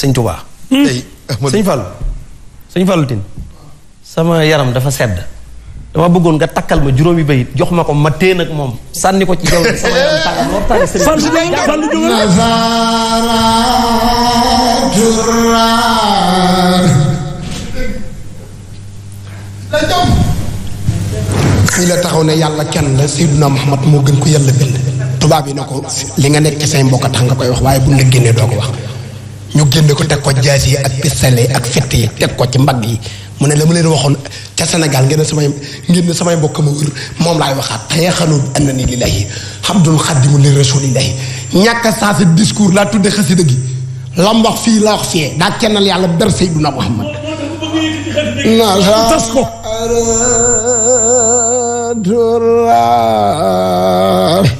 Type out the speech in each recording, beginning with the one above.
sëñ Touba. Hmm. tey sëñ Fallou sëñ sama yaram dafa sedd. dama bëggoon nga takkal ma juróomi bayit jox ma ko ma téen ak moom sànni ko ci jaww sama yaram tàngal ma fii la taxaw ne yàlla kenn la Seydina Muhammad moo gën ko yàlla bind tubaab yi na ko li nga nekk ci say mbokk tax nga koy wax waaye bu la génnee doo ko wax ñu génne ko teg ko jaas yi ak pistolet ak fett yi teg ko ci mbagg yi mu ne la mu leen waxoon ca senegal ngeen samay ngeen samay mbokk ma wër moom laay waxaat tayaxanu anna ni lillahi xabdul xaddimu li rasulillahi ñàkk a saa si discours laa tudde xasida gi lam wax fii laa wax fee daa kennal yàlla ber Seyduna Muhammad tas ko naa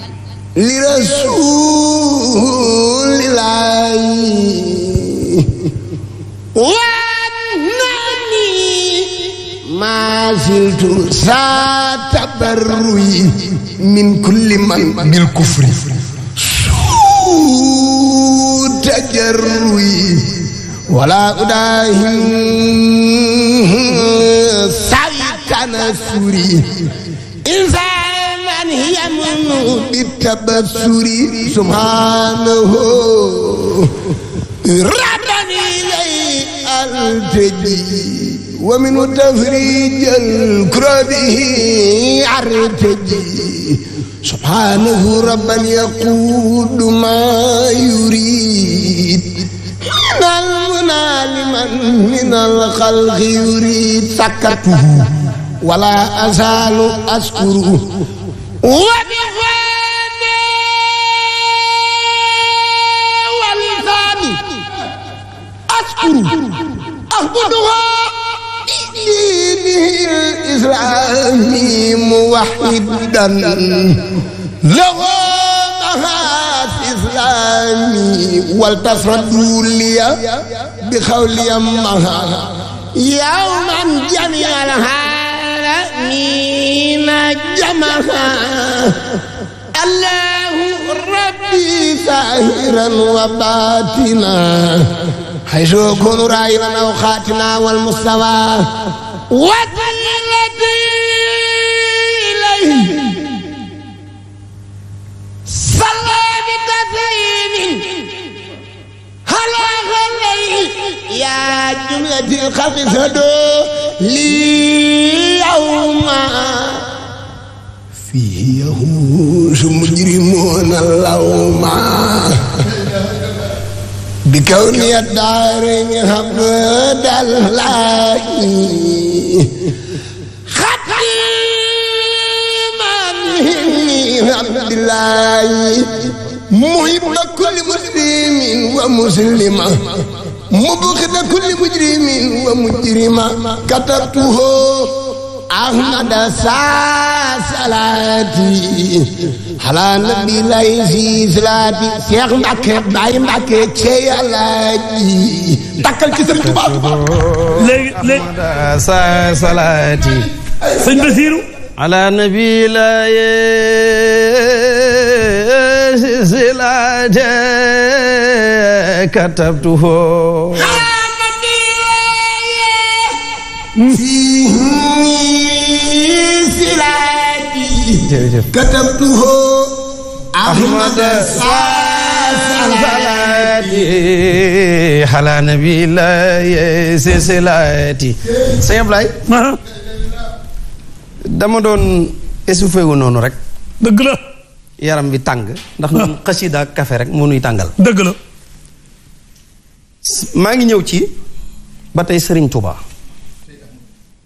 li rasuulillaahi waat naa ni maa ziltu saa tabarruyi min kulli man bil kufri suu tajarruyi wala udaahim saykana suri بالتبصر سبحانه ربني إلي ألتجي ومن تفريج الكربه أرتجي سبحانه ربا يقود ما يريد من المنى لمن من الخلق يريد سكته ولا أزال أشكره وبالثاني والثاني أشكر أهبدها بدينه الإسلامي موحدا له إسلامي والتصردوا لي بقولي يوما جميع الحال العالمين جمعا الله ربي ظاهرا وباطنا حيث يكون راينا اوقاتنا والمستوى والذي اليه صلى بكثير هلا غلي يا جمله الخلق لي القوم فيه يهوج مجرمون اللوم بكون الدار عبد الله خطيما عبد الله محب كل مسلم ومسلمه مبغض كل مجرم ومجرمه كتبته أحمد صلاتي على النبي ليسي صلاتي شيخ مكة باي مكة شيء علاجي تكل كسر تبا لي لي صلاتي سن بسيرو على النبي لا صلاتي كتبته على النبي فيه jërëjëf katabtuhu ahmada salaati ala nabi la salaati sëñ Ablaye dama doon essoufflé wu noonu rek dëgg la yaram bi tàng ndax ñun xasida ak rek moo nuy tàngal dëgg la maa ngi ñëw ci ba tey sëriñ Touba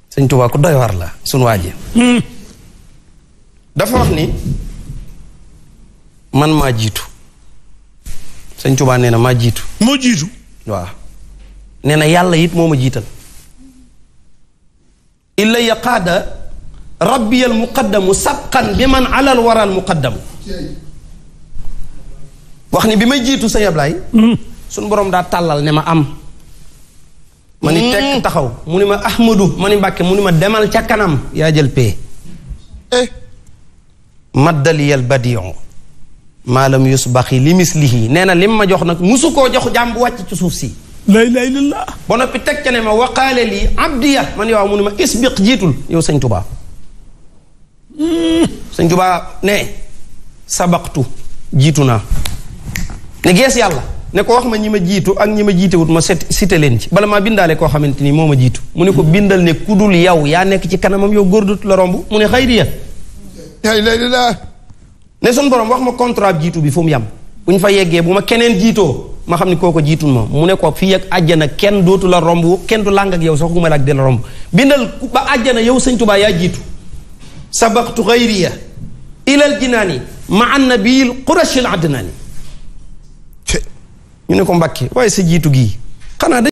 sëriñ Touba ku doy war la sunu waa ji hmm. dafa wax ni man maa jiitu sëñ Tuubaa nee na maa jiitu. moo jiitu. waaw nee na yàlla yit moo ma jiital. illa yaqaada rabbiyal muqaddamu sabqan bi man alal waral muqaddamu wax ni bi may jiitu sa Ablaay hmm. suñ boroom daa tàllal ne ma am ma ni hmm. tekk taxaw mu ni ma ahmadu ma ni mbàkke mu ni ma demal ca kanam yaa jël pee maddaliyal badion maalam yusbaxi li mislihi nee na lim ma jox nag musu koo jox jaam bu wàcc ci suuf si la ilaha illallah ba noppi teg ca ne ma waqaale lii abdiya man yow mu ne ma isbiq jiitul yow sëñ tubaa sëñ tubaa ne sabaqtu jiitu naa ne gees yàlla ne ko wax ma ñi ma jiitu ak ñi ma jiitewut ma set cité leen ci bala maa bindaale koo xamante ni moo ma jiitu mu ne ko bindal ne kudul yow yaa nekk ci kanamam yow góor dut la romb mu ne xayriya ne sun borom wax ma contrat jiitu bi fu mu yam bu ñu fa yeggee bu ma keneen jiitoo ma xam ne koo ko ma mu ne ko fii ak kenn dootu la romb kenn du làng ak yow sax xuma la ak di la romb bindal ba àjjana yow sëñ Tuubaa yaa jiitu sabaqtu xayriya ilal jinaani ma annabiyil qurashil adnaani ñu ne ko Mbàkke waaye sa jiitu gii xanaa